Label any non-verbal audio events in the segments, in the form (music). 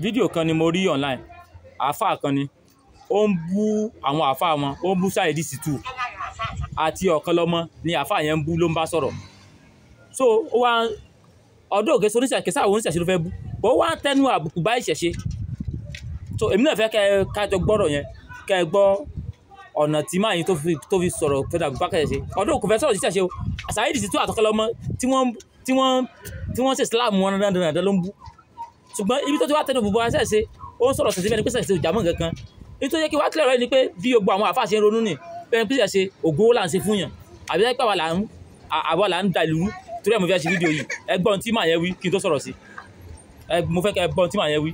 fídíò kan ni mo rí online àáfà kan ni ó ń bú àwọn àáfà wọn ó ń bú Saheed Shittu àti Ọ̀kanlọ́mọ ni àáfà yẹn ń bú ló ń bá sọ̀rọ̀ so ó wá ọdún òkè sórí ìṣàkẹsà àwọn oníṣẹ̀ṣe ló fẹ́ bú bó wá tẹnu àbùkù bá ìṣẹ̀ṣe so èmi náà fẹ́ kẹ́ kájọ gbọ́rọ̀ yẹn kẹ́ gbọ́ ọ̀nà tí máa yín tó fi sọ̀rọ̀ fẹ́dà bùbákẹ́ ṣe ọdún òkú fẹ́ sọ̀rọ̀ sí ṣàṣe o Saheed Shittu àti Ọ̀kanlọ́mọ tí wọ́n tí wọ́n ṣe Islam wọn dandan dandan ló ń bú ṣùgbọ́n ibi tó ti wá tẹnu bùbọ́ ẹsẹ̀ ṣe ó ń sọ̀rọ̀ tẹ̀sí bẹ́ẹ̀ ni pé sẹ̀ṣẹ̀ ìjàmọ́ kankan nítorí yẹ kí wá kílẹ̀ rẹ̀ ni pé bí gbogbo àwọn àfáà ṣe ń ronú nì bẹ́ẹ̀ ni píṣẹ̀ ṣe ògo là ń ṣe fún yàn àbí ẹ pé àwa là ń da ìlú torí ẹ̀ mo fẹ́ ṣe fídíò yìí ẹ gbọ́n tí màá yẹn wí kí n tó sọ̀rọ̀ sí mo fẹ́ kẹ́ ẹ tí màá yẹn wí.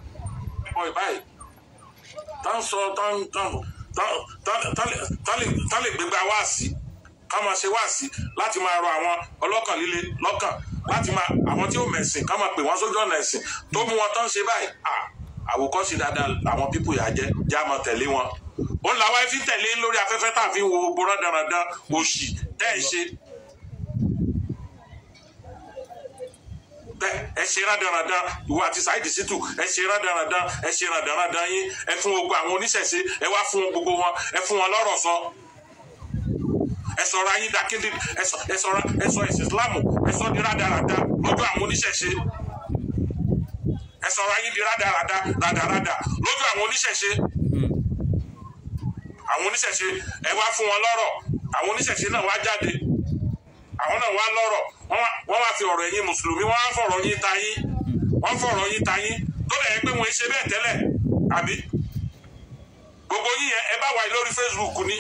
ìmọ̀ tá ń sọ tá ń tán tá lè gbégbá wá sí ká máa ṣe wáàsí láti máa rọ àwọn ọlọ́kàn líle lọ́kàn láti máa àwọn tí ó mẹ̀sìn ká máa pè wọ́n sójú ọ̀nà ẹ̀sìn tó mú wọn tán ṣe báyìí àwòkọ́ṣe dáadáa àwọn pípò yà jẹ́ já máa tẹ̀lé wọn ó ń làwọn fi tẹ̀lé lórí afẹ́fẹ́ tá a fi wo gbogbo rádaràdan òṣì tẹ́ ẹ ṣe ẹ ṣe rádaràdan ìwọ àti Saheed Shittu ẹ ṣe rádaràdan ẹ ṣe rádaràdan yín ẹ fún gbogbo àwọn oníṣẹ̀ṣe ẹ wá fún gbogbo wọn ẹ fún wọn lọ́rọ̀ sọ. So ẹ sọ̀rọ̀ ayé dakindi ẹ sọ̀rọ̀ ẹ sọ ẹ̀sìn Islam ẹ sọ di rádaràda lójú àwọn oníṣẹ̀ṣe ẹ sọ̀rọ̀ ayé di rádaràda rádaràda lójú àwọn oníṣẹ̀ṣe àwọn oníṣẹ̀ṣe ẹ wá fún wọn lọ́rọ̀ àwọn oníṣẹ̀ṣe náà wá jáde àwọn náà wá lọ́rọ̀ wọ́n wá fi ọ̀rọ̀ ẹ̀yin mùsùlùmí wọ́n á fọ̀rọ̀ yín ta yín wọ́n fọ̀rọ̀ yín ta yín tó lẹ̀ pé wọ́n ṣe bẹ́ẹ̀ tẹ́lẹ̀ àbí gbogbo yín yẹn ẹ bá wà lórí Facebook ni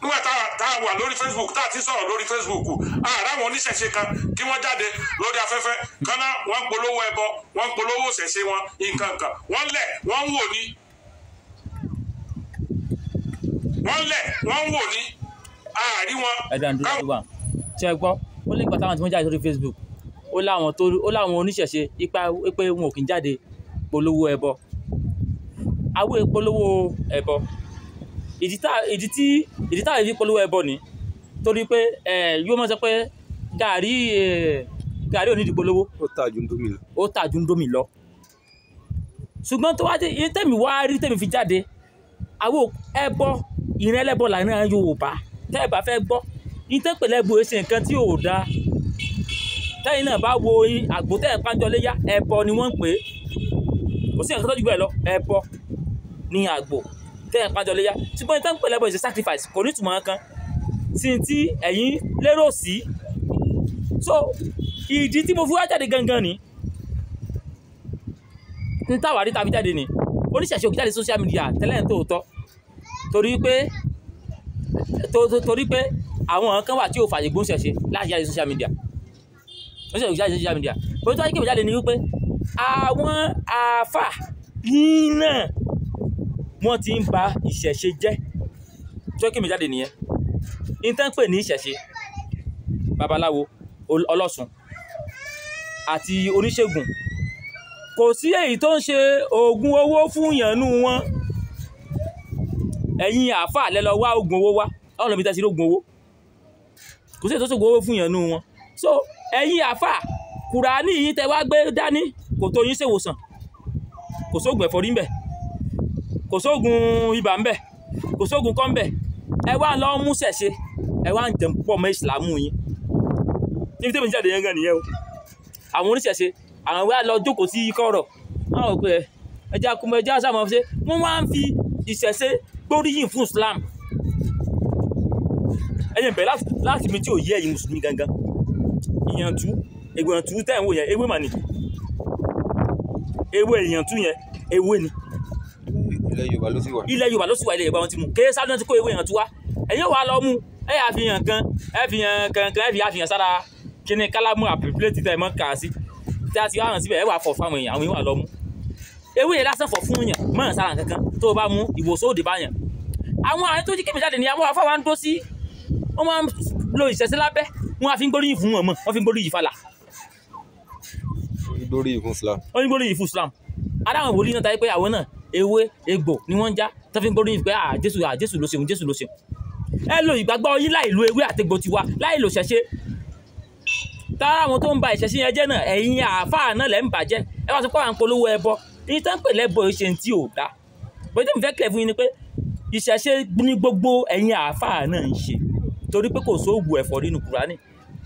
nígbà tá a wà lórí facebook tá a ti sọ̀rọ̀ lórí facebook ààrẹ àwọn oníṣẹ̀ṣe kan kí wọ́n jáde lórí afẹ́fẹ́ kánná wọ́n ń polówó ẹbọ wọ́n ń polówó ṣẹ̀ṣe wọn nǹkan kan wọ́n lẹ̀ wọ́n ń wò ní. wọ́n lẹ̀ wọ́n ń wò ní ààrí wọn. ẹ̀dá ǹdúró ti wà ṣe é gbọ́ ó lè gbà táwọn tí wọ́n jáde lórí facebook ó láwọn tó ó láwọn oníṣẹ̀ṣe ipa pé wọn ò kì í jáde polówó ẹbọ àwọn polówó ẹbọ ìdí tí ìdí táwọn fi polówó ẹbọ ni torí pé yóò mọ̀ sọ pé gàrí gàrí onídìí polówó. ó tà ju ndomi lọ. ó tà ju ndomi lọ. ṣùgbọ́n tó wá dé iye tẹ̀mí wá rí tẹ̀mí fi jáde àwọn ẹbọ ìrìn ẹlẹ́bọ làárín Yorùbá tẹ́ ẹ bá fẹ́ gbọ́ ìtẹ́ pẹ̀lẹ́ bu èsì nǹkan tí ò dáa tẹ́yìn náà bá wo àgbò tẹ́ ẹ̀ pàjọ léyà ẹbọ ni wọ́n ń pè é kò sí nǹkan tẹ́yìn pàjọ léyà ṣùgbọ́n ìtàn pẹ̀lẹ́ bọ̀ ṣe sacrifice kò ní ìtumọ̀ kan sí ti ẹ̀yin lérò sí so ìdí tí mo fi wá jáde gangan ni n táwárí tàbí jáde ni oníṣẹ̀ṣe òkè jáde social media tẹ́lẹ̀ ń tòótọ́ torí pé torí pé àwọn kan wà tí ò fàyè gbóṣẹ̀ṣe láti jáde social media oníṣẹ̀ṣe òkè jáde social media bó tó wáyé kébè jáde ni wípé àwọn àáfà yín náà wọ́n ti ń ba ìṣẹ̀ṣe jẹ́ jọ́kì mi jáde nìyẹn intan pè ní ìṣẹ̀ṣe babaláwo ọlọ́sùn àti oníṣègùn kò sí èyí tó ń ṣe oògùn owó fún yànnú wọn ẹ̀yin àáfà lẹ lọ wá oògùn owó wá ọ̀nà mi tẹ́sí oògùn owó kò sí èyí tó ṣògùn owó fún yànnú wọn so ẹ̀yin àáfà kùránì yìí tẹ wá gbé dání kò tó yín ṣèwòsàn kò sóògùn ẹ̀fọ́rí ń bẹ̀ kò sóògùn ibà ń bẹ̀ kò sóògùn kọ́ ń bẹ̀ ẹ wá lọ́ mú ṣẹ̀ṣe ẹ wá ń jẹun pọ̀ mọ́ ìsìlámù yín níbi tẹ́mi jáde yẹn gan nìyẹn o àwọn oníṣẹ̀ṣe àwọn wá lọ jókòó sí kọ́rọ̀ wọn ò pé ẹja kúmọ ẹja sàmọ ṣe wọn wá ń fi ìṣẹ̀ṣe gbóríyìn fún Islam ẹ̀yin bẹ̀rẹ̀ láti mi tí ò yé ẹ̀yin mùsùlùmí gangan ìyàntú ègbòyàntú tẹ̀ ń wò yẹn ewé mà ní ewé ìyàntú yẹn ewé ni ilẹ̀ yorùbá ló sì wà ilẹ̀ yorùbá ló sì wà ilẹ̀ yorùbá wọn ti mú kéé sáà náà ti kó ewé yẹn tu wá ẹ̀yin wàá lọ mú ẹ yà fi hàn kan ẹ fi hàn kankan ẹ fi àfihàn sára kíni kálámù àpèpìlẹ́tì tẹ̀ mọ́ kà tí a ti hàn síbẹ̀ ẹ wàá fọ̀ fáwọn èèyàn àwọn èèyàn wà lọ mú ewé yẹn lásán fọ̀ fún yàn mọ́ sára kankan tó o bá mú ìwòsàn òde bá yàn àwọn àwọn tó jí kébì jáde ni àwọn afáwa ń dó sí wọ́n máa ń lo ìṣẹ̀ṣẹ̀ lábẹ́ wọ́n á fi ń gbóríyìn fún wọn mọ́ wọ́n fi ń gbóríyìn falà gbóríyìn fún Islam wọ́n fi ń gbóríyìn fún Islam adáwọn wòlíì náà ewé egbò ni wọ́n ń já tó fi ń gbórí pé à ah, jésù à ah, jésù ló ṣeun jésù ló ṣeun ẹ lo ìgbàgbọ́ yín láì lo ewé àtegbò tiwa láì lo ṣẹ̀ṣe tára àwọn tó ń ba ìṣẹ̀ṣe yẹn jẹ́ náà ẹ̀yin àáfàá náà lẹ́ ń bàjẹ́ ẹ wá sọ pé à ń polówó ẹbọ èyí tó ń pè lẹ́bọ ìṣe tí ò dá bó tí mo fẹ́ kílẹ̀ fún yín ni pé ìṣẹ̀ṣe ní gbogbo ẹ̀yin àáfàá náà ń ṣe torí pé kò sóògùn ẹ̀fọ́ nínú kùránì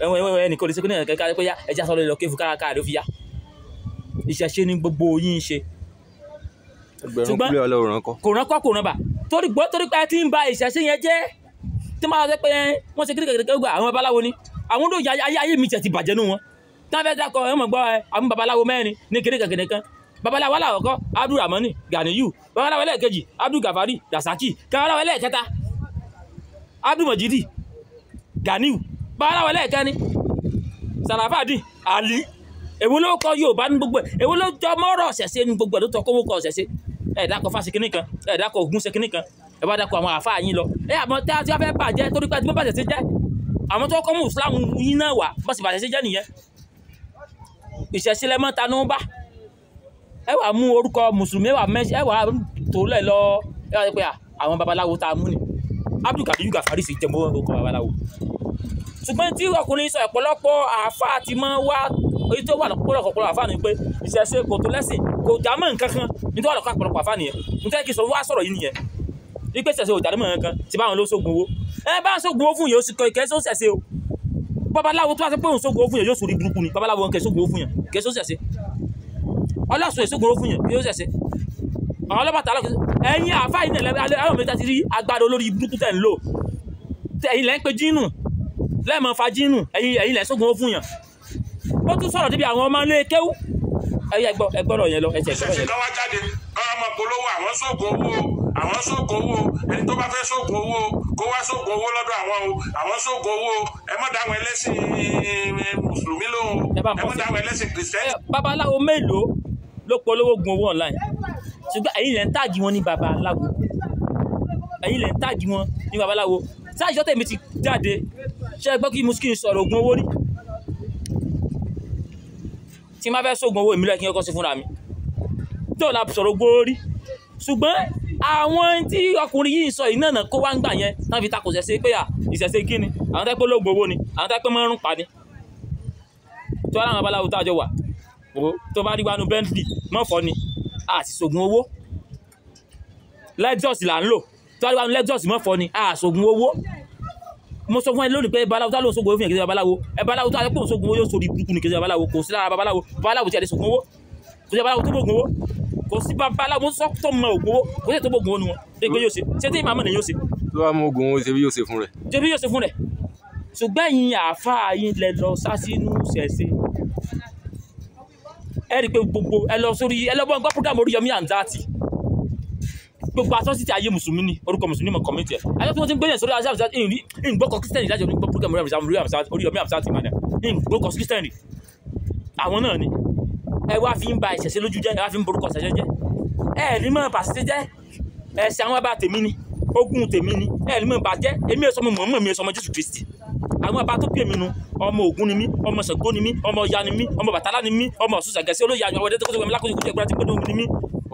ẹ̀wọ̀n ẹ̀wọ̀n ẹnì kò lè ṣe pé náà kẹ́kẹ́ pé yá ẹja sọ lórí lọ kéfù káàkiri ó fi yá ìṣẹ̀ṣe ní gbogbo yín ṣùgbọ́n kò ránkọ́ kò ránbà torí gbọ́ torí pé tí ń ba ìṣẹ̀ṣe yẹn jẹ́ tí máa sọ pé wọ́n ṣe kékeré gba àwọn babaláwo ni àwọn olóyè ayé ayé mi tẹ̀ ti bàjẹ́ nù wọn tí wọ́n fẹ́ dákọ̀ ẹ̀ mọ̀ gbọ́ àwọn babaláwo mẹ́rin ní kékeré kan babaláwo aláwọ̀kọ́ abdulrahman ganiyu babaláwo ẹlẹ́ẹ̀kejì abdulgafari dasaki babaláwo ẹlẹ́ẹ̀kẹta abdulmajidi ganiyu babaláwo ẹlẹ́ẹ̀kẹrin sarafadin ali èwo ló kọ yorùbá ní gbogbo ẹ̀ èwo ló jọ mọ́rọ̀ ọ̀sẹ̀ṣe ní gbogbo ẹ̀ ló tọ́ kówó kọ ọ̀sẹ̀ṣe ẹ dákọ fásitì kìnnì kan ẹ dákọ ogun ṣe kan ẹ bá dákọ àwọn àáfàá yín lọ ẹ àmọ́ tí a ti fẹ́ bàjẹ́ torí pé ẹtùmọ́ bàjẹ́ ti jẹ́ àwọn tó kọ́ mú islam yín náà wà bá sì bàjẹ́ ti jẹ́ nìyẹn ìṣẹ̀sílẹ̀ mọ́ ló ń bá ẹ wà mú orúkọ mùsùlùmí ẹ wà mẹ́ṣẹ́ ẹ wà tó lẹ̀ lọ ẹ wà pé àwọn babaláwo tá a mú ni Abdul Kadir Gafari sì jẹ́ mọ́ orúkọ babaláwo ṣùgbọ́n tí ọkùnrin sọ ọ̀pọ̀lọpọ̀ àáfàá ti máa wá èyí tó wà lọ́pọ̀lọpọ̀ ọ̀pọ̀lọpọ̀ àfáà ni pé ìṣẹ̀ṣe kò tó lẹ́sìn kò já mọ́ nǹkan kan ní tó wà lọ́pọ̀ ọ̀pọ̀lọpọ̀ àfáà nìyẹn mo tẹ́ kí sọ wá sọ̀rọ̀ yìí nìyẹn wípé ìṣẹ̀ṣe ò já mọ́ nǹkan tí báwọn ló sógun owó ẹ bá sógun owó fún yẹn oṣù kẹ́ẹ́ sọ ìṣẹ̀ṣe o babaláwo tó bá sọ pé òun sógun owó fún yẹn yóò sùn rí burúkú ni babaláwo kẹ́ẹ́ sógun owó fún yẹn kẹ́ẹ́ sọ ìṣẹ̀ṣe ọlọ́sùn èso gbòòrò fún yẹn kí ó ṣẹ̀ṣẹ̀ àwọn ọlọ́pàá tààlọ́ ẹ̀yin àfáà yìí lẹ́lẹ́ àwọn mẹ́ta ti rí agbára olórí burúkú tẹ̀ ń lò ẹ̀yin lẹ́ ń pe jínù lẹ́ẹ̀mọ́ fa jínù ẹ̀yin ẹ̀yin lẹ́ sógun ó fún yẹn ó tún sọ̀rọ̀ síbi àwọn ọmọ ilé kéwú ẹgbọ́rọ̀ yẹn lọ ẹsẹ̀ ẹgbọ́rọ̀ yẹn lọ. ṣèṣe lọ́wọ́ jáde àwọn sóògùn owó ẹni tó bá fẹ́ sóògùn owó kó wá sóògùn owó lọ́dọ̀ àwọn o àwọn sóògùn owó ẹ mọ̀ dáwọn ẹlẹ́sìn eh, mùsùlùmí lóhùn ẹ mọ̀ dáwọn ẹlẹ́sìn kìrìsìtẹ́nì. babaláwo mélòó ló polówó gun owó online ṣùgbọ́n ẹ̀yin lẹ́ ń táàgì wọn ní babaláwo ẹ̀yin lẹ́ ń táàgì wọn ní babaláwo sáà ìṣọ́tẹ̀ mi ti jáde ṣé ẹ gbọ́ kí muskini sọ̀rọ̀ ògùn owó rí tí má fẹ́ sógun owó ìmílẹ̀ kí n kọ́ sí fúnra mi tí ò la sọ̀rọ̀ gbórí ṣùgbọ́n àwọn tí ọkùnrin yìí sọ ìnáànà kó wá ń gbà yẹn tán fi takò ṣẹ̀ṣẹ̀ pé à ìṣẹ̀ṣẹ̀ kí ni àwọn tẹ́pẹ́ ló gbowó ni àwọn tẹ́pẹ́ mọ́rún pa ni tí wọ́n láwọn abaláwo tá a jọ wà tó bá rí wánú Bentley mọ́fọ́ ni a sì ṣògùn owó Lexus là ń lò tó bá rí wánú Lexus mọ́fọ́ ni a ṣògùn owó mo sọ fún ẹ lónìí pé babaláwo tá ló ń sógun owó fún yẹn kí ṣe babaláwo ẹ babaláwo tó àtẹ́pọ̀ sógun owó yóò sórí burúkú ni kí ṣe babaláwo kò sí lára babaláwo babaláwo tí a lè sógun owó kò sí babaláwo tó gbógun owó kò sí babaláwo mo sọ tó mọ ògùn owó kò sí tó gbógun owó nu wọn ẹ pé yóò ṣe ṣé tí màmá nìyóò ṣe. tó bá mú ogun owó ṣe bí yóò ṣe fún rẹ. ṣe bí yóò ṣe fún rẹ ṣùgbọ́n ẹ̀yin àáfàá yín lẹ lọ sá ṣẹ̀ṣẹ̀ ẹ rí i pé gbogbo ẹ lọ sórí ẹ lọ bọ́ ń gbọ́ program Oríyọmí àǹdáàtì gbogbo asọ́sítì ayé mùsùlùmí ni orúkọ mùsùlùmí mọ̀ community ẹ̀ ajá tí wọ́n ti ń gbé yẹn sórí ajá àmì sáà ìgbọ́kọ̀ kírísítẹ́nì láti orí program orí àmì sáà orí ọmọ àmì sáà ti máa dẹ̀ ìgbọ́kọ̀ kírísítẹ́nì àwọn náà ni ẹ wá fi ń ba ìṣẹ̀ṣe lójú jẹ́ ẹ wá fi ń borúkọ ìṣẹ̀ṣe jẹ́ ẹ rí mọ́ pàṣẹ jẹ́ ẹ̀sìn àwọn bá tèmi ni ogún tèmi ni ẹ rí mọ́ bà jẹ́ èmi ẹ̀sọ́mọ mọ̀ọ́mọ̀ mi ẹ̀sọ́mọ Jésù Kristi àwọn ọba tó bí èmi nu ọmọ Ògún ni mí ọmọ Ṣàngó ni mí ọmọ Ọya ni mí ọmọ Bàtálá ni mí ọmọ Ọ̀ṣun Ṣàngẹ̀sí olóyè àyàwó ẹ̀dẹ́tẹ́kọ́sọ́gbẹ̀mí lákòókò ìgbàlá tí gbọ́dọ̀ ni mí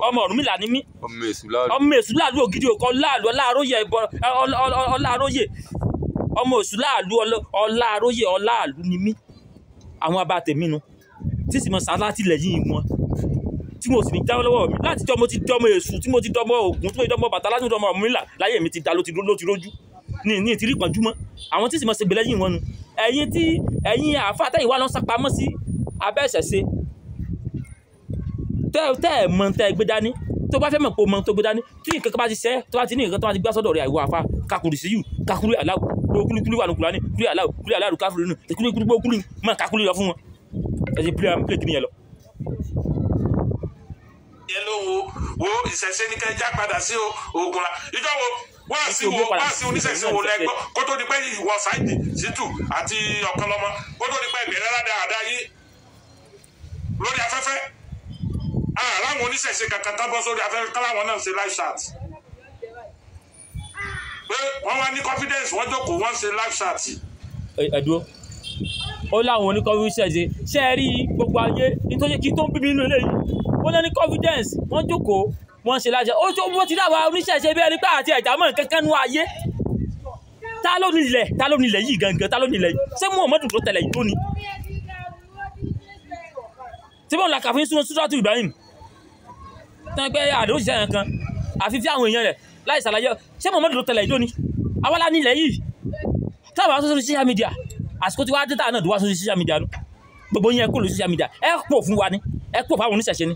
ọmọ Ọ̀rúnmìlà ni mí ọmọ èṣù láàlú ògidì òkọ láàlú ọláàróyè ìbọn ọláàróyè ọmọ èṣù láàlú ọláàróyè ọláàlú ni mí àwọn abá tèmi nu tí sì mọ sá láti ilẹ̀ yìí wọn tí mo sì ní jáwọ́ lọ́wọ́ mi láti jọ́ mo ti dọ́mọ èṣù tí mo ti dọ́mọ Ògún tí mo ti dọ́mọ Bàtálá tí mo ti dọ́mọ Ọ̀rúnmìlà láyé mi ti da ló ti rójú ní ní ìtìrí pọ̀júmọ́ àwọn tí sì mọ ṣègbè lẹ́yìn wọn nu ẹ̀yin tí ẹ̀yin àáfàá tẹ̀yìn wá lọ́n sápamọ́ sí abẹ́ ìṣẹ̀ṣe tẹ́ ẹ̀ mọ tẹ́ ẹ gbé dání tó bá fẹ́ mọ̀ pé o mọ tó gbé dání tí nǹkan kan bá ti sẹ́ tó bá ti ní nǹkan tó bá ti gbá sọ́dọ̀ rẹ̀ àìwọ́ àfa kakùrì sí yù kakùrì aláwù gbogbo kúlí kúlí wà ní kúlání kúlí aláwù kúlí aláwù káfùrì nù kúlí kúlí gbogbo kúlí mọ kakùrì lọ fún wọn ẹ ti pílẹ̀ pílẹ̀ kìnìyàn lọ. yẹn wo wo ìṣẹ̀ṣe sí ogun wo wáàsí kó tó di pé ìwọ sáìdì sítù àti ọ̀kọ́lọ́mọ kó tó di pé ìbẹ̀rẹ̀ rádà àdá yìí lórí afẹ́fẹ́ oníṣẹ̀ṣe kankan tán bọ́ sórí afẹ́fẹ́ káláwọn náà ṣe live chat pé wọ́n wá ní confidence wọ́n jókòó wọ́n ṣe live chat. ẹ̀dúró ó láwọn oníkọ́fíṣẹ́ṣe ṣe rí gbogbo ayé nítorí kí tó ń bíbí inú eléyìí wọ́n lọ ní confidence wọ́n jókòó wọ́n ṣe lájẹ́ ó tó wọ́n ti dáwà oníṣẹ́ṣe bí ẹni pé àti ẹ̀já mọ̀ kankan nú ayé ta ló nílẹ̀ ta ló nílẹ̀ yìí gangan ta ló nílẹ̀ yìí ṣé Muhammadu tó tẹ̀lẹ̀ yìí tó ni tí wọ́n là kàfin sunu Suratu Ibrahim tán pé àdéhùn ṣiṣẹ́ kankan àfi fí àwọn èèyàn rẹ̀ láì ṣàlàyé ṣé Muhammadu ló tẹ̀lé ìjó ni awọ́lá nílẹ̀ yìí táwọn àwọn sọ́sọ́ social media àsìkò tí wàá dé táwọn náà tó wá sọ́sọ́ social media nu gbogbo yín ẹ kó lórí social media ẹ pọ̀ fún wa ni ẹ pọ̀ fáwọn oníṣẹ̀ṣe ni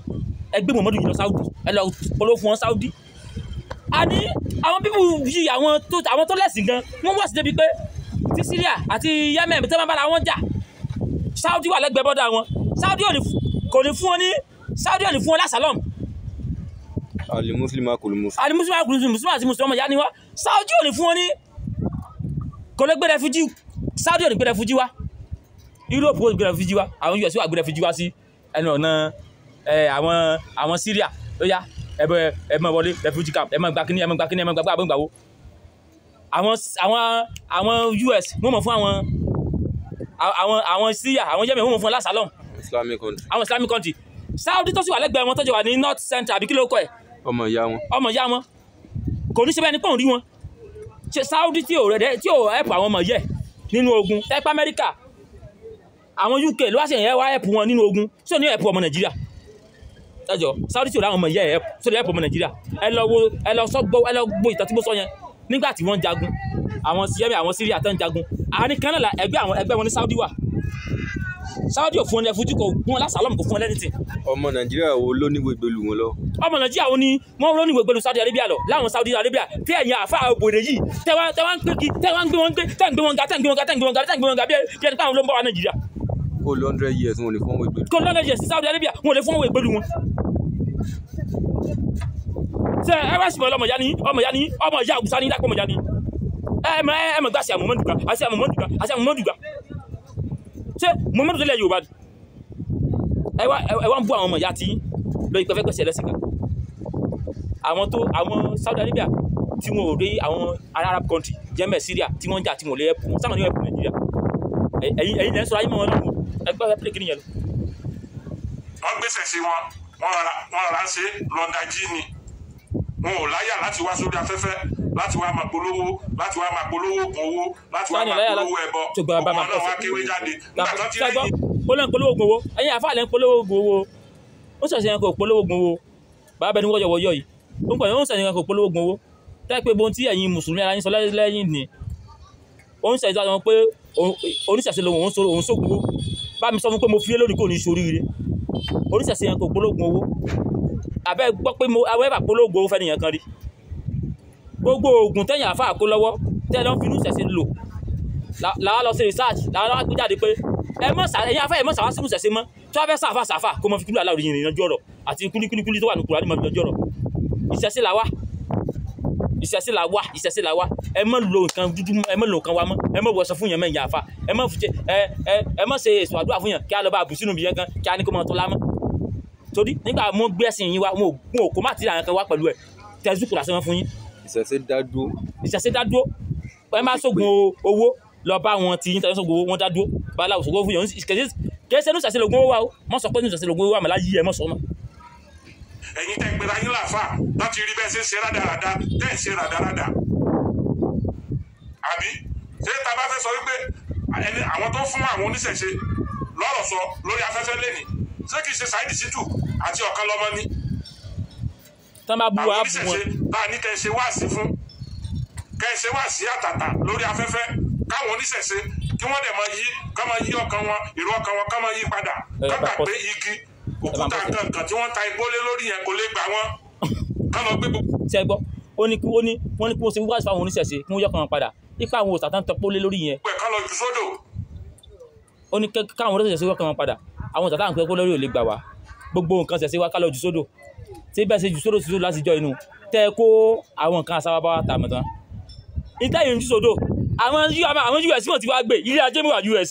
ẹ gbé Muhammadu yìí lọ Saudi ẹ lọ polówó fún wọn Saudi àní àwọn bíbù yìí àwọn tó àwọn tó lẹ̀sìn gan wọ́n wọ̀ sí débi pé ti Syria àti Yemen tẹ́ máa bára wọn jà Saudi wà lẹ́gbẹ̀ẹ́ bọ́dà wọn Saudi kò ní fún wọn ní Saudi ò ní fún wọn lásàlọ́mù alimusulima kulumusula. alimusulima kulumusula àti mùsùlùmí ọmọ ìyá ni wá saudi ò ní fún wọn ní kò lè gbé refugee saudi ò ní gbé refugee wá europe ò ní gbé refugee wá àwọn us ò gbé refugee wá sí ẹnu ọ̀nà àwọn àwọn syria ló yá ẹbẹ ẹmọ wọlé refugee camp ẹmọ gbakini ẹmọ gbakini ẹmọ gbàgbà àbẹ̀gbàwó àwọn àwọn àwọn us wọ́n mọ̀ fún àwọn àwọn àwọn syria àwọn yemen wọ́n mọ̀ fún wọn lásàlọ́n islamic country àwọn islamic country saudi tó sì wà lẹ́gbẹ̀ẹ́ wọn tó jẹ́ wà ní north center àbí kí ló kọ́ ẹ̀ ọmọ ìyá wọn. ọmọ ìyá wọn kò ní síbẹ̀ ní pọ̀ ń rí wọn Saudi tí ò rẹ̀ tí ò ẹ̀pù àwọn ọmọ yẹ nínú ogun ẹ̀pù Amẹ́ríkà àwọn UK ló wá sí ẹ̀yẹ wá ẹ̀pù wọn nínú ogun tí ò ní ẹ̀pù ọmọ Nàìjíríà ẹjọ Saudi tí ò láwọn ọmọ yẹ ẹ̀pù tí ò ní ẹ̀pù ọmọ Nàìjíríà ẹ lọ wo ẹ lọ sọ gbọ́ ẹ lọ gbọ́ ìtàn tí mo sọ yẹn nígbà tí wọ́n jagun àwọn Yemen àwọn Syria tó ń jagun àárín kan náà ẹgbẹ́ àwọn ẹgbẹ́ wọn ní Saudi wà saudi ò fún ẹ fojú kò gún ọ lásàlọ́mù kò fún ẹ lẹ́nìtì. ọmọ nàìjíríà wo ló ní gbogbo ìlú wọn lọ. ọmọ nàìjíríà wo ni wọn ló ní gbogbo saudi arabia lọ láwọn saudi arabia tí ẹ̀yin àfa òbòdè yìí tẹ wá ń gbé kí tẹ wá ń gbé wọn gbé tẹ ń gbé wọn ga tẹ ń gbé wọn ga tẹ ń gbé wọn ga tẹ ń gbé wọn ga bí ẹni pé àwọn ló ń bọ̀ wá nàìjíríà. kò lọ hundred years wọn ò lè fún wọn ìgbèlú. kò lọ hundred years saudi arabia wọn ò lè fún wọn ìgbèlú wọn. ṣe ẹ wá síbọ̀ ọmọ ìyá ọmọ ìyá ọmọ ìyá àgùsá ni dákọ̀ ọmọ ìyá ni ẹ ẹ mọ gbàsí àmọ́ mọ́dùgà àti àmọ́ mọ́dùgà àti àmọ́ mọ́dùgà ṣé mo mẹ́rin tó lẹ̀ Yorùbá ẹ wá ń bú àwọn ọmọ ìyá tí lọ ìpẹ́ fẹ́ pẹ̀sẹ̀ lẹ́sìn kan àwọn tó àwọn Saudi Arabia tí wọn ò rí àwọn Arab country Yemen Syria tí wọ́n ń jà tí wọ́n lè ẹ̀pù wọn sáwọn ní ẹ̀pù Nàìjíríà ẹ̀yin ẹ̀yin lẹ́sọ̀rọ̀ ayé mọ́ wọn lọ́wọ́ ẹgbẹ́ fẹ́ pẹ̀lẹ́ kiri yẹn lọ. wọ́n gbèsè sí wọn wọ́n rà ń ṣe lọ́ndà jí ni wọn ò láyà láti wá sórí afẹ́fẹ́ láti wá máa polówó láti wá máa polówó oògùn owó láti wá máa polówó ẹbọ oògùn náà wá kéwé jáde nígbà tó ti lẹ́yìn. ó lẹ́ ń polówó oògùn owó ẹ̀yin àfáà lẹ́ ń polówó oògùn owó ó ṣẹ̀ṣẹ̀ kò polówó oògùn owó bàbá ẹni wọ́yọ̀ wọ́yọ̀ yìí ó ń pọ̀ ó ń ṣẹ̀ṣẹ̀ kò polówó oògùn owó táì pé bóun tí ẹ̀yin mùsùlùmí ara yín sọ lẹ́yìn ni ó ń ṣẹ̀ṣẹ̀ sọ pé oníṣẹ̀ṣẹ̀ lòun òun sógun owó bá mi sọ fún pé mo fi é lórí kò ní ṣoríire oníṣẹ̀ṣẹ̀ yẹn kò polówó owó àbẹ́ gbọ́ pé mo awẹ́bà polówó owó fẹ́ nìyẹn kan rí gbogbo oògùn tẹ̀yìn àfáà kó lọ́wọ́ tẹ́ lọ́n finú ṣẹ̀ṣẹ̀ lò làá lọ sí research làá lọ́ gbé jáde pé ẹ mọ̀ sà ẹ̀yìn afẹ́ ẹ̀ mọ̀ sà wá sínú ṣẹ̀ṣẹ̀ mọ́ tí wọ́n fẹ́ sàfà sàfà kó mọ fi kúlù aláwọ̀ yìnyín yanjú ọ̀rọ̀ àti kúlíkúlíkúlí tó wà ní kùránì mọ̀ yanjú ọ̀rọ̀ ìṣẹ̀ṣẹ̀ là wá ìṣẹ̀ṣẹ̀ là wá ìṣẹ̀ṣẹ̀ là wá ẹ mọ̀ lo nǹkan dúdú ẹ mọ̀ lo nǹkan wa mọ́ ẹ mọ̀ wọṣọ fún yẹn mọ̀ ìyá àfa ẹ mọ̀ fìṣe ẹ ẹ ẹ mọ̀ ṣe èso àdúrà fún yẹn kí a lọ bá a bù sínú ibi yẹn gan kí a ní kó mọ̀ tó lámọ́ torí nígbà mo gbé ẹsìn yín wa mo kó má ti rà yẹn kan wá pẹ̀lú ẹ tẹ́sùkùrà sí wọn fún yín ìṣẹ̀ṣe dá dúró. ìṣẹ̀ṣe dá dúró ẹ má sógun owó lọ bá wọn ti yín tàbí sógun owó wọn dá dúró babaláwo sógun owó fún yẹn kèsè ní ìṣẹ̀ṣe lògùn owó wa o mọ̀ sọ pé ní ìṣẹ̀ṣe lògùn owó wa mọ̀ láyé ẹ mọ̀ sọ mọ́. ẹ̀yin tẹ́ ń gbéra yín láàfà láti rí bẹ́ẹ̀ ṣe ń ṣe rádaràda tẹ́ ń ṣe rádaràda àbí ṣé ta bá fẹ́ sọ wípé àwọn tó fún àwọn oníṣẹ̀ṣe lọ́rọ̀ sọ lórí afẹ́fẹ́ lẹ́nìí ṣé kìí ṣe Saheed Shittu àti Ọ̀kánlọ́mọ ni tán bá bú wa bú wọn. bá ní kẹ́ ẹ ṣe wáàsí fún kẹ́ ẹ ṣe wáàsí àtàtà lórí afẹ́fẹ́ káwọn oníṣẹ̀ṣe kí wọ́n dẹ̀ máa yí ká máa yí ọkàn wọn ìró ọkàn wọn ká máa yí padà ká pé igi òkúta kankan tí wọ́n ta igbó lé lórí yẹn kò lè gbà wọ́n ká lọ gbé gbogbo. ó ní ó ní wọ́n ní kí wọ́n ṣe wíwáṣí fáwọn oníṣẹ̀ṣe kí wọ́n yọkàn wọn padà ipa àwọn òòsà tán tọpọ́ lé lórí yẹn. ó ní káwọn oníṣẹ̀ṣe yọkàn wọn padà àwọn òòsà táwọn pẹ́ kó lórí ò lè gbà wá gbogbo nǹkan ṣẹ̀ṣẹ̀ wá kálọ̀ jù sódò tí bẹ́ẹ̀ ṣe jù sódò sódò láti jọ inú tẹ́ kó àwọn nǹkan aṣáwábá tààmù tán ìtẹ́ yìí ń jù sódò àwọn us wọn ti wá gbé ilé ajé mọ́wà us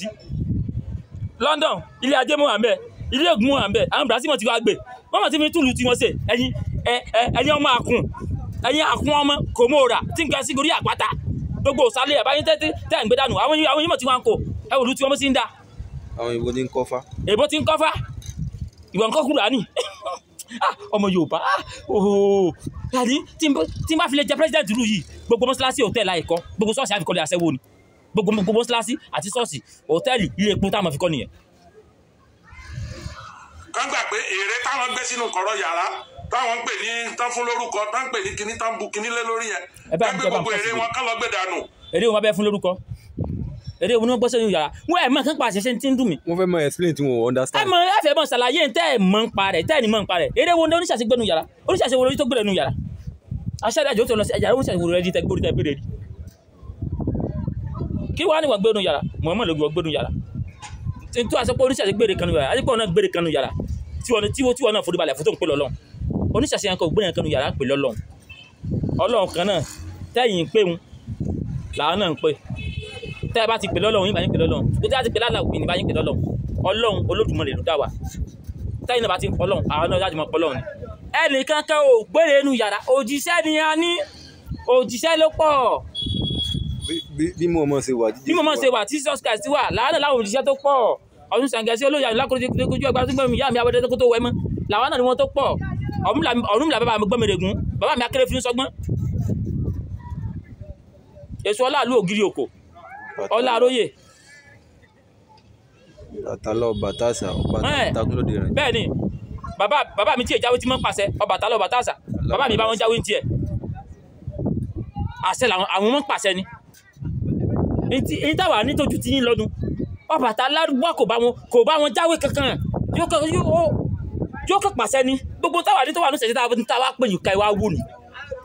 London ilé ajé mọ́wà ń bẹ ilé ògùn mọ́wà ń bẹ àwọn Brazil wọn ti wá gbé wọ́n mọ̀ tí fi túlù tí wọ́n ṣe ẹ̀yin ẹ̀yin ọmọ àkùn ẹ̀yin àkùn ọmọ kòmóòrà tí ń gbẹ sí gorí àpáta gbogbo òsàlẹ̀ àbáyé tẹ́tí tẹ́ ń gbé dànù àwọn yìí mọ̀ tí wọ́n ń kó ẹ̀wọ̀n olú tí wọ́n mọ̀ sí ń da. àwọn èèbó ti ń kọ́fà. èèbó ti ń kọ́fà ìwọ nǹkan kúránì (laughs) ah, ọmọ yorùbá ah, ooo yàrá tí n bá fi lè jẹ president ìlú yìí gbogbo mọ́ṣáláṣí hòtẹ́ẹ̀lì àìkọ́ gbogbo ṣọ́ọ̀ṣì àfikọ́lẹ̀ àṣẹwó ni gbogbo gbogbo mọ́ṣáláṣí àti ṣọ́ọ̀ṣì hòtẹ́ẹ̀lì ilé epo táwọn àfikọ́ nìyẹn. kán gbà pé èrè táwọn gbé sínú kọ̀rọ̀ yàrá táwọn ń pè ní tán fún lórúkọ tán ń pè ní kinní tán bu kinní lé lórí yẹn kán gbé gbogbo èrè wọn kán lọ gbé dànù. èrè wọn bẹ fún lórúkọ eré onígbọ́sẹ̀ ní yàrá wọn ẹ̀ mọ̀ kán pa àṣẹṣe tí ń dùn mí. mo fẹ́ mọ explain tí wọn understand. ẹ mọ ẹ fẹ́ mọ ṣàlàyé tẹ́ ẹ mọ̀ ń pa rẹ̀ ẹ ní mọ̀ ń pa rẹ̀ eré wo ni oníṣàṣe yàrá oníṣàṣe wo tó gbẹ́nu yàrá aṣáájú àjọ tó lọ sí ẹ̀yà oníṣàṣe wo lórí tẹ́ gbórí tẹ́ bèrè rí. kí wàá ní wọ́n gbẹ́nu yàrá mọ̀ọ́mọ̀ ló yàrá tí wọn náà foríbalẹ̀ tẹ́ ẹ bá ti pè lọ́lọ́run yín bá yín pè lọ́lọ́run tó tẹ́ ẹ bá ti pè lálàó yín bá yín pè lọ́lọ́run ọlọ́run olódùmarè ló dá wa tẹ́yìn náà bá ti ń pọ́lọ́run àwọn náà láti mọ pọ́lọ́run ni ẹnìkan kan ò gbére inú yàrá òjíṣẹ́ ni a ní òjíṣẹ́ ló pọ̀ bí mo mọ̀ ṣe wà bí mo mọ̀ ṣe wà Jesus Christ wà láàárín láwọn òjíṣẹ́ tó pọ̀ ọdún sàǹgẹ̀sí olóyè àyìnlá kojú ẹgbàá tó gbẹ̀mí ìyá mi abẹ́dẹ́ tó tó wẹ̀ mọ́ làwọn náà ni wọ́n tó pọ̀ ọ̀run mi làbàbà mi gbọ́n mi règùn bàbá mi akérèfín sọgbọ́n èso ọlá àlú ògiri òkò ọláróyè. bàtálá ọbàtásà ọbàtálá lóde rẹ. bẹ́ẹ̀ ni bàbá bàbá mi tí èjáwé ti máa ń pàṣẹ ọbàtálá ọbàtásà bàbá mi bá wọn jáwé ń tiẹ̀ àṣẹ làwọn àwọn máa ń pàṣẹ ni ní táwa nítòjú ti yín lọ́dún ọbàtálá wà kò bá wọn kò bá wọn jáwé kankan yóò kàn pàṣẹ ni gbogbo táwa ní tó wà ní ìṣẹ̀ṣẹ̀ táwa pè yín ká wá wò ni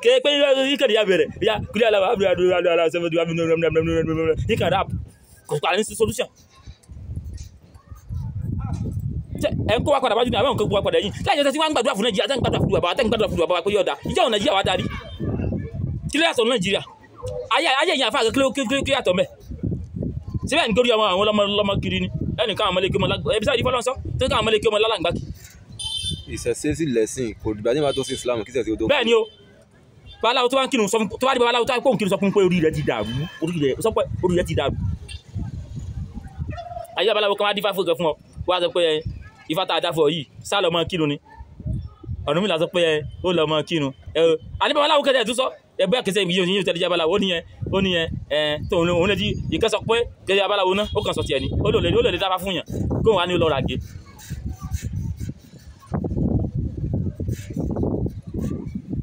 ke pe yi kan ya bere ya kuli ala ba abdu abdu ala se du amnu amnu amnu amnu yi kan rap ko pa ni solution ẹ kó wa padà wájú ni àwọn nǹkan kó wa padà yín láyé tẹ́tí wá ń gbàdúrà fún nàìjíríà tẹ́ ń gbàdúrà fún bàbá tẹ́ ń gbàdúrà fún bàbá pé yọ̀ọ̀dà ìjà ọ̀nà nàìjíríà wà á darí kí ló yàtọ̀ nàìjíríà ayé ayé yẹn àfa àgbẹ̀ kí ló yàtọ̀ mẹ́ síbẹ̀ nítorí àwọn àwọn ọlọ́mọ ọlọ́mọ kiri ni ẹnì káwọn ọmọlẹ́kẹ́ ọmọ ẹbí sáà ìfọlọ́n sọ tó káwọn ọmọlẹ́kẹ́ ọmọ lálàǹgbá kì. ìṣẹ̀ṣẹ̀ sì lẹ̀sìn kò dìgbà la ma tó sí Islam kí sẹ̀sẹ̀ tó. bẹ́ẹ̀ ni o babaláwo tó bá ń kírun sọ fún tó bá rí babaláwo tó bá ń kírun sọ fún pé orí rẹ ti dàrú orí rẹ sọ pé orí rẹ ti dàrú ayé babaláwo kan wá dífá fún ìkan fún ọ wá sọ pé ifá tá a dá fún ọ yìí sá lọ mọ kírun ni ọ̀nà mi là sọ pé ó lọ mọ kírun ẹ alẹ́ babaláwo kẹsẹ̀ tó sọ ẹgbẹ́ kẹsẹ̀ yìí yóò tẹ́lẹ̀ jẹ́ babaláwo ó nìyẹn ó nìyẹn ẹ tóun òun lè di ìkẹ́ sọ pé kẹsẹ̀ babaláwo náà ó kàn sọ tiẹ̀ ni ó lò lè ó lè lè dáfá fún yàn kóun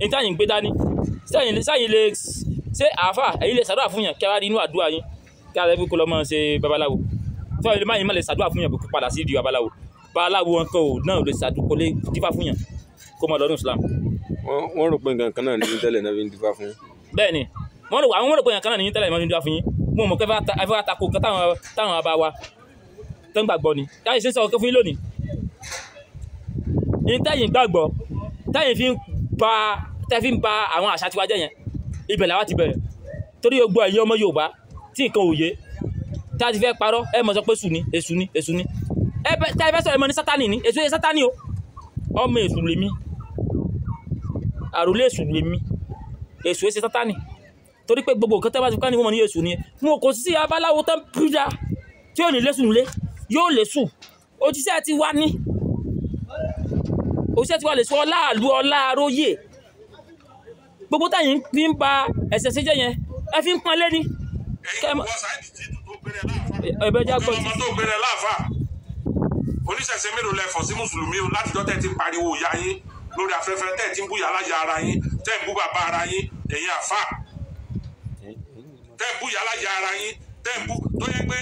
ìtàn yìí ń gbé dání sẹ́yìn lè ṣe àáfà ẹ̀yin lè ṣàdúrà fún yàn kí ara rí inú àdúrà yín kí ara bí kò lọ́mọ ṣe babaláwo tó ẹ̀yin máa yín má lè ṣàdúrà fún yàn kó padà sí di babaláwo babaláwo wọn kan ò náà lè ṣàdúkọ lé dífá fún yàn kó mọ lọ́dún Islam. wọ́n rò pé nǹkan kan náà ní tẹ́lẹ̀ náà fi ń dífá fún yín. bẹ́ẹ̀ni wọ́n rò àwọn rò pé nǹkan náà ní tẹ́lẹ̀ náà fi ń dífá fún yín mo mọ̀ kẹ́ fẹ́ tako nǹkan táwọn abá wa tó ń gbàgbọ́ ni táyì ṣe ń sọ fún yín lónìí ní táyì gbàgbọ́ táyì fi ń ba tẹ́ fi ń ba àwọn àṣà tiwa jẹ́ yẹn ibẹ̀ làwa ti bẹ̀rẹ̀ torí gbogbo ẹ̀yin ọmọ Yorùbá tí nǹkan òye tá a ti fẹ́ parọ́ ẹ mọ̀ sọ pé èṣù ni èṣù ni èṣù ni ẹ tá a fẹ́ sọ̀rọ̀ ẹ mọ̀ ní sátani ni èṣù yẹ sátani o ọmọ èṣù lèmi àròlé èṣù lèmi èṣù yẹ sátani torí pé gbogbo nǹkan tẹ́ bá ti ká ní wọ́n mọ̀ ní èṣù ni mo kò sí abáláwo tán púdà tí ò ní lẹ́sùn lé yóò lẹ́sùn òjíṣẹ́ ti wá ní òjíṣẹ́ ti wá lè sọ ọlá àlú ọlá aróyè gbogbo táyìn fi ń ba ẹ̀sẹ̀ sí jẹ́ yẹn ẹ fi ń pọn lé ní. oníṣẹ̀ṣẹ̀ mélòó lẹ sí mùsùlùmí o látijọ́ tẹ́ ti ń pariwo ìyá yín lórí afẹ́fẹ́ tẹ́ ti ń bú yàrá ya ara yín tẹ́ ń bú bàbá ara yín ẹ̀yin àfà tẹ́ ń bú yàrá ya ara yín tẹ́ ń bú tó yẹ pé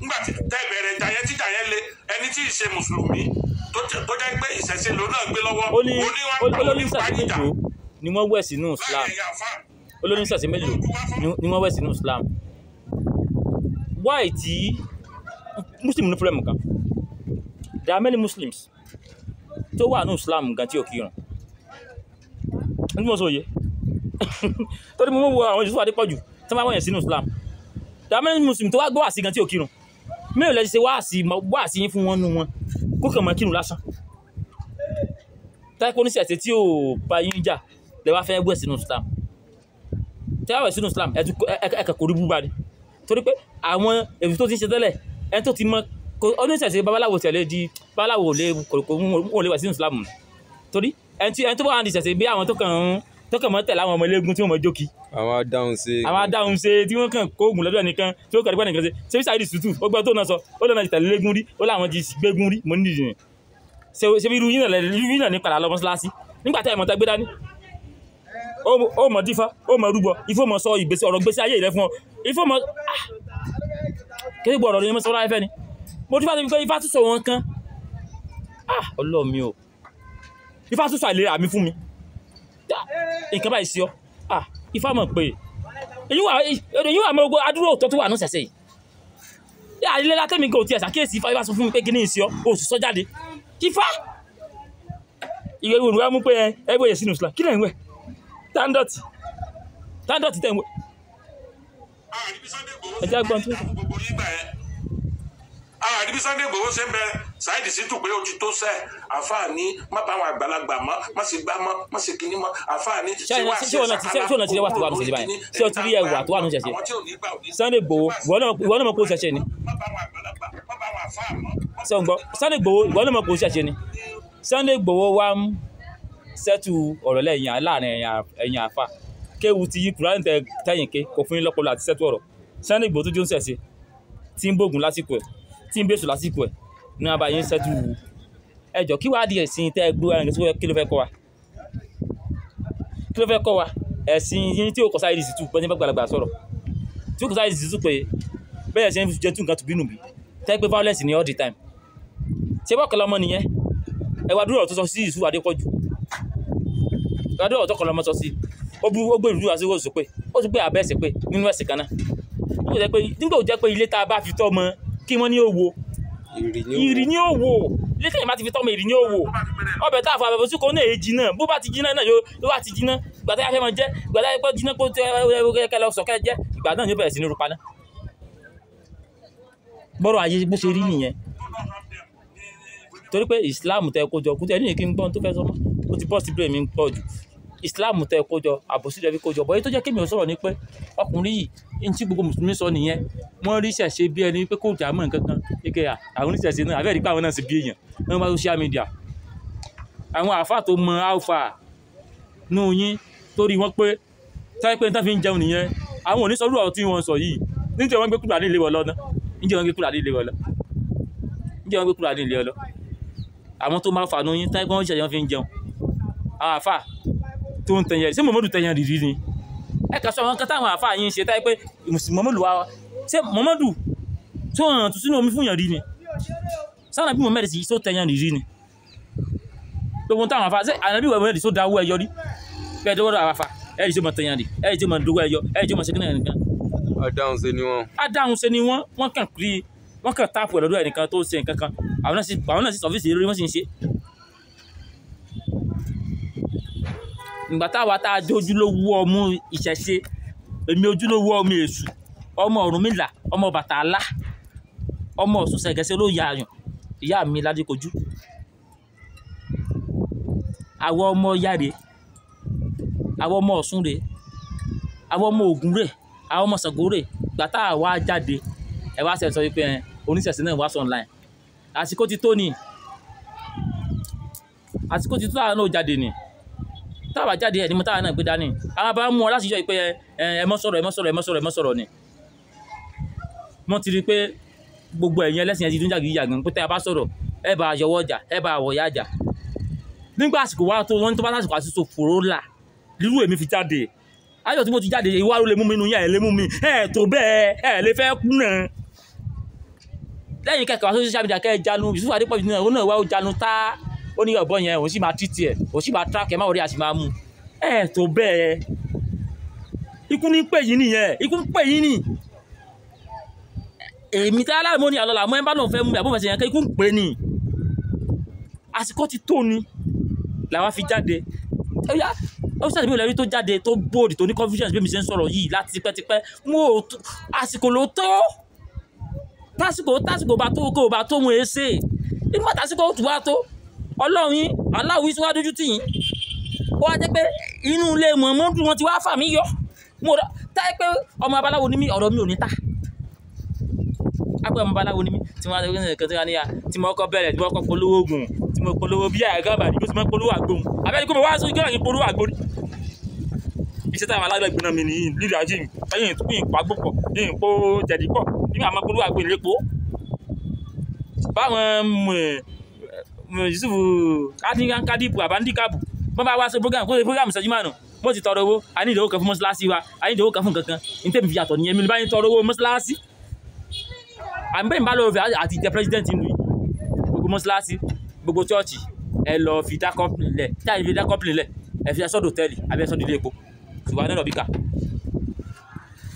nígbà tẹ́ bẹ̀rẹ̀ ìjà yẹn tíjà le ẹni tí ì ṣe mùsùlùmí tó jẹ́ pé ìṣẹ̀ṣe lòun gbé lọ́wọ́ oníwàpá onípa ìjà ni wọ́n wẹ̀ sínú Islam olórin sàṣẹ mélòó ni wọ́n wẹ̀ sínú Islam why tí muslim ní problem kan there are many muslims tó wà ní Islam gan tí ò kírun ẹni (laughs) mọ̀ sọ yẹ tó ní mo wo àwọn Jésù Adépọ̀jù tó máa wọ̀nyẹ̀ sínú Islam there are many muslims tó wá gbọ́ wàásì gan tí ò kírun mélòó lẹ́sí ṣe wáàsì wáàsì yín fún wọn nú wọn kó kàn máa lásán táìpọ́ oníṣẹ́ àti tí ò bá yín jà de lẹ wá fẹ́ wẹ̀ sínú Islam tẹ́ wẹ̀ sínú Islam ẹ̀kẹ́ kò rí búba ni torí pé àwọn èyí tó ti ń ṣe tẹ́lẹ̀ ẹ̀ tó ti mọ ọdún ìṣẹ̀ṣe babaláwo tẹ̀lé di babaláwo lè kò lè wẹ̀ sínú Islam torí ẹni tó bá wà ní ìṣẹ̀ṣe bí àwọn tó kàn ń tó kàn mọ́ tẹ̀lé àwọn ọmọ eléegun tí wọ́n mọ́ jókì. àwọn adáhùn ṣe. àwọn adáhùn ṣe tí wọ́n kàn kóògùn lọ́dọ̀ nìkan tí ó kàn nípa nìkan ṣe ṣé bí Saheed Sutu ó gbọ́ tó náà sọ ó lọ́nà ti tẹ̀lé eégún rí ó láwọn ti gbégún rí mo nídìí nìyẹn ṣe bí irú yín náà ní padà lọ mọ́ṣáláṣí nígbà tá ẹ̀ mọ́ta gbé dání ó mọ̀ dífá ó mọ̀ rúbọ ifó mọ̀ sọ ìgbésí ọ̀rọ̀ gbésí ayé rẹ fún ọ ifó mọ̀ ah! kérégbò ọ̀rọ̀ ni mo sọ láìfẹ́ ni mo dífá débi pé ifá tún sọ wọn kan ah! ọlọ́ọ̀ mi o ifá tún sọ àìlera mi fún mi nǹkan báyìí sí ọ ah! ifá mọ̀ pé èyí wà mọ́ gbogbo adúrò tó tún wà ní sẹ̀sẹ̀ yìí àìlera tẹ́mi gan ò tiẹ̀ ṣàkíyèsí ifá ifá sọ fún mi pé kí ní ìsí ọ oṣù sọ jáde ifá ìwé ìwòrán mú pé ẹgbẹ́ yẹn sínú Islam kí lẹ́yìn wẹ̀ tándọ̀tì tándọ̀tì tẹ̀ ń wọ. ẹja ah, gbọ́n tó. àríbí Sunday Igboho ṣe ń bẹ Saheed Shittu pé ó ti tó sẹ àfààní má bá àwọn àgbàlagbà mọ má sì gbá mọ má sì kíní mọ àfààní. ṣé ọ̀nà tí ṣé ti wá tó wà ní ṣẹ̀ṣẹ̀ báyìí ṣé o ti rí ẹwà tó wà ní ṣẹ̀ṣẹ̀ Sunday Igboho ìwọ náà mọ̀ kó ṣẹ̀ṣẹ̀ ni. Sunday Igboho ìwọ náà mọ̀ kó ṣẹ̀ṣẹ̀ ni Sunday Igboho wa ń sẹ́tù ọ̀rọ̀ lẹ́yìn láàrin ẹ̀yìn àfa kéwu ti yí kúránì tẹ̀yìn ké kò fún yín lọ́pọ̀lọ́ àti sẹ́tù ọ̀rọ̀ Sunday Igboho tó jó ń sẹ̀sẹ̀ tí ń bògùn lásìkò ẹ̀ tí ń bèsù lásìkò ẹ̀ ní wọn yín sẹ́tù ẹjọ́ kí wàá di ẹ̀sìn tẹ́ gbó ẹ̀rìn tó kí ló fẹ́ kọ́ wa kí ló fẹ́ kọ́ wa ẹ̀sìn yín tí ó kọ sáyé dìsítù pé ní bá gbàlagbà sọ̀rọ̀ tí ó kọ sáyé dìsítù pé bẹ́ẹ̀ ṣe ń jẹ́ tún nǹkan tùbínú bí tẹ́ pé violence ni all the time ṣé wọ́n kọ́ lọ́mọ nìyẹn ẹ̀wà dúró ọ̀rọ̀ tó sọ sí Yusuf Adépọ̀jù gbadó ọ̀tọ́ kan lọ́mọ sọ sí ó gbé ìlú àti owó sòpè ó tún gbé àbẹ́ ẹ̀sìn pé nínú ẹ̀sìn kan náà nígbà tó jẹ́ pé ilé tá a bá fi tọ́ ọmọ kí wọ́n ní òwò ìrì ní òwò ilé tẹ̀yìn bá ti fi tọ́ ọmọ ìrì ní òwò ọbẹ̀ tá a fọ àbẹ̀fọ́ sókò náà èjì náà bó bá ti jiná náà yóò bá ti jiná gbàtà yà fẹ́ mọ jẹ́ gbàtà yà pé jiná kó kẹlẹ́ ọ̀sọ̀ kẹlẹ́ jẹ́ ìgbà náà yóò bẹ̀rẹ̀ sí ní rupa náà bọ́rọ̀ ayé islam tẹ kó jọ àbòsí rẹ fi kó jọ bọ́ èyí tó jẹ́ kí mi ò sọ̀rọ̀ ni pé ọkùnrin yìí ní tí gbogbo mùsùlùmí sọ nìyẹn wọ́n rí ṣẹ̀ṣe bí ẹni pé kò dààmú nǹkan kan ike àwọn oníṣẹ̀ṣe náà àbẹ́ẹ̀rí pé àwọn náà sì bí èèyàn wọ́n bá social media àwọn àáfà tó mọ alfa nù yín torí wọ́n pé táyé pé nítorí fi ń jẹun nìyẹn àwọn oníṣòwò ọ̀rọ̀ tí wọ́n sọ yìí níjẹ́ wọ́n gbé kúrò àdínlé wọ lọ́nà níjẹ́ wọ́n gbé kúrò àdínlé wọ lọ níjẹ́ wọ́n gbé kúrò àdínlé wọ lọ àwọn tó máa fà nù yín táyé pé wọ́n ṣẹ̀ṣẹ̀ wọ́n fi ń jẹun àwọn àáfà tó ń tẹ̀yàn ṣé Muhammadu tẹ̀yàn rìrì ni ẹ kà sọ àwọn kan táwọn àfa yìí ń ṣe táyé pé Muhammadu wa ṣé Muhammadu tó hàn tó sínú omi fún yàn rí ni sáà nàbí Muhammadu sì tó tẹ̀yàn rìrì ni gbogbo táwọn àfa ṣé ànàbí Muhammadu tó dáwọ́ ẹyọ rí bẹ́ẹ̀ dọ́wọ́dọ̀ àwọn àfa ẹ̀rì tí ó mọ̀ tẹ̀yàn rí ẹ̀rì tí ó mọ̀ dógó ẹyọ ẹ̀rì tí ó mọ̀ ṣẹ́kínà nìkan. adáhùn ṣe ni wọn. adáhùn ṣe ni wọn wọn kàn kiri wọn kàn táàpù ẹ̀ lọ́dọ̀ tó ń ṣe nǹkan kan àwọn náà sì ọfíìsì eré wọn sì ń ṣe ìgbà táwa tá a jẹ́ ojúlówó ọmú ìṣẹ̀ṣe èmi ojúlówó ọmọ èṣù ọmọ Ọ̀rúnmìlà ọmọ Ọbàtálá ọmọ Ọ̀ṣun Ṣẹ̀ngẹ̀sẹ̀ ló ya àyàn ìyá mi ládékojú àwọn ọmọ Ọya rèé àwọn ọmọ Ọ̀ṣun rèé àwọn ọmọ Ògún rèé àwọn ọmọ Ṣàngó rèé ìgbà táwa jáde ẹ wá sẹ̀ sọ wípé oníṣẹ̀ṣe náà wá sọ online àsìkò ti tó ni àsìkò ti tó àwọn náà jáde ni táwa jáde ẹ̀ ní mo táwa náà gbé dání àwọn bá mú ọ láti yọ ìpè ẹ ẹ mọ́ sọ̀rọ̀ ẹ mọ́ sọ̀rọ̀ ẹ mọ́ sọ̀rọ̀ ẹ mọ́ sọ̀rọ̀ ni wọ́n ti rí pé gbogbo ẹ̀yin ẹlẹ́sìn ẹ̀sìn dúnjà gidi yàgàn pé tẹ́ ẹ bá sọ̀rọ̀ ẹ bá yọwọ́ jà ẹ bá wọ̀ yá jà nígbà àsìkò wa tó wọ́n tó bá lásìkò àṣìṣe fòró là irú èmi fi jáde ayọ̀ tí mo ti jáde ìwà ló lè mú mi inú yẹn ẹ̀ lè mú mi ẹ̀ tó bẹ́ẹ̀ ẹ̀ lè fẹ́ kúnà lẹ́yìn kẹ̀kẹ́ wá sórí social media kẹ́ ẹ jánu Yusuf Adépọ̀jù náà ó náà wá ó jánu táá ó ní ọ̀bọ yẹn òun sì máa títì ẹ̀ òun sì máa tíráàkì ẹ̀ máa wọlé àti máa mú ẹ̀ tó bẹ́ẹ̀ ikú ní pè yín nìyẹn ikú ń pè yín nì èmi tá aláàmọ́ ni àlọ́lá àmọ́ ẹ̀ bá náà fẹ́ mú mi àbúfẹ́sẹ̀ yẹn kẹ́ ikú ń pè ní àsìkò ti tó ni làwa fi jáde ẹ̀yà ọ́fíṣàdì mi ò lẹ́rí tó jáde tó bold tó ní confidence bí mi ṣe ń sọ̀rọ̀ yìí láti tipẹ́tipẹ́ mo ò àsìkò ló tó tásìkò tásìkò bá tó kó bá tó mu èsè nígbà tásìkò ó tù wá tó ọlọ́run yín aláwo yín tí wàá dojú tì yín ó wá jẹ́ pé inú ilé mọ̀mọ́dù wọn ti wá fà mí yọ táyé pé ọmọ abaláwo ni mí ọ̀rọ̀ mi ò ní ta ápẹ́ ọmọ abaláwo ni mí tí wọ́n á tẹ́wọ́n nìkan tí wọ́n á níyà tí mo kọ́ bẹ̀rẹ̀ tí mo kọ́ polówó oògùn tí mo polówó bí àyà gábà nígbó tí mo polówó àgbo abẹ́ni kó mo wá sí gbọ́dọ̀ kí polówó àgbo rí iṣẹ́ táwọn alágbègbè náà mi nìyí lílẹ̀ ajé mi ẹ̀yìn ìtúkùn ìpò àgbò pọ̀ ẹ̀yìn Mm, yusufu kadibu abandikabu bọ́n bá wá sí program kó ṣe program ṣẹ́jú márùn mo ti tọrọ owó a ní ìdòwò kan fún mọ́ṣáláṣí wa a ní ìdòwò kan fún kankan ní tèmi fi yàtọ̀ nìyẹn mi bá ní tọrọ owó mọ́ṣáláṣí àmì bẹ́ẹ̀ ni bá lọ fẹ́ àti ìjẹ president ìlú yìí gbogbo mọ́ṣáláṣí gbogbo chọ́ọ̀chì ẹ lọ fi dákọ́pìlì lẹ̀ tí a fi dákọ́pìlì lẹ̀ ẹ fi ẹsọ́dọ̀ tẹ́lì àbí ẹsọ́dọ̀ ilé epo ṣùgbọ́n náà lọ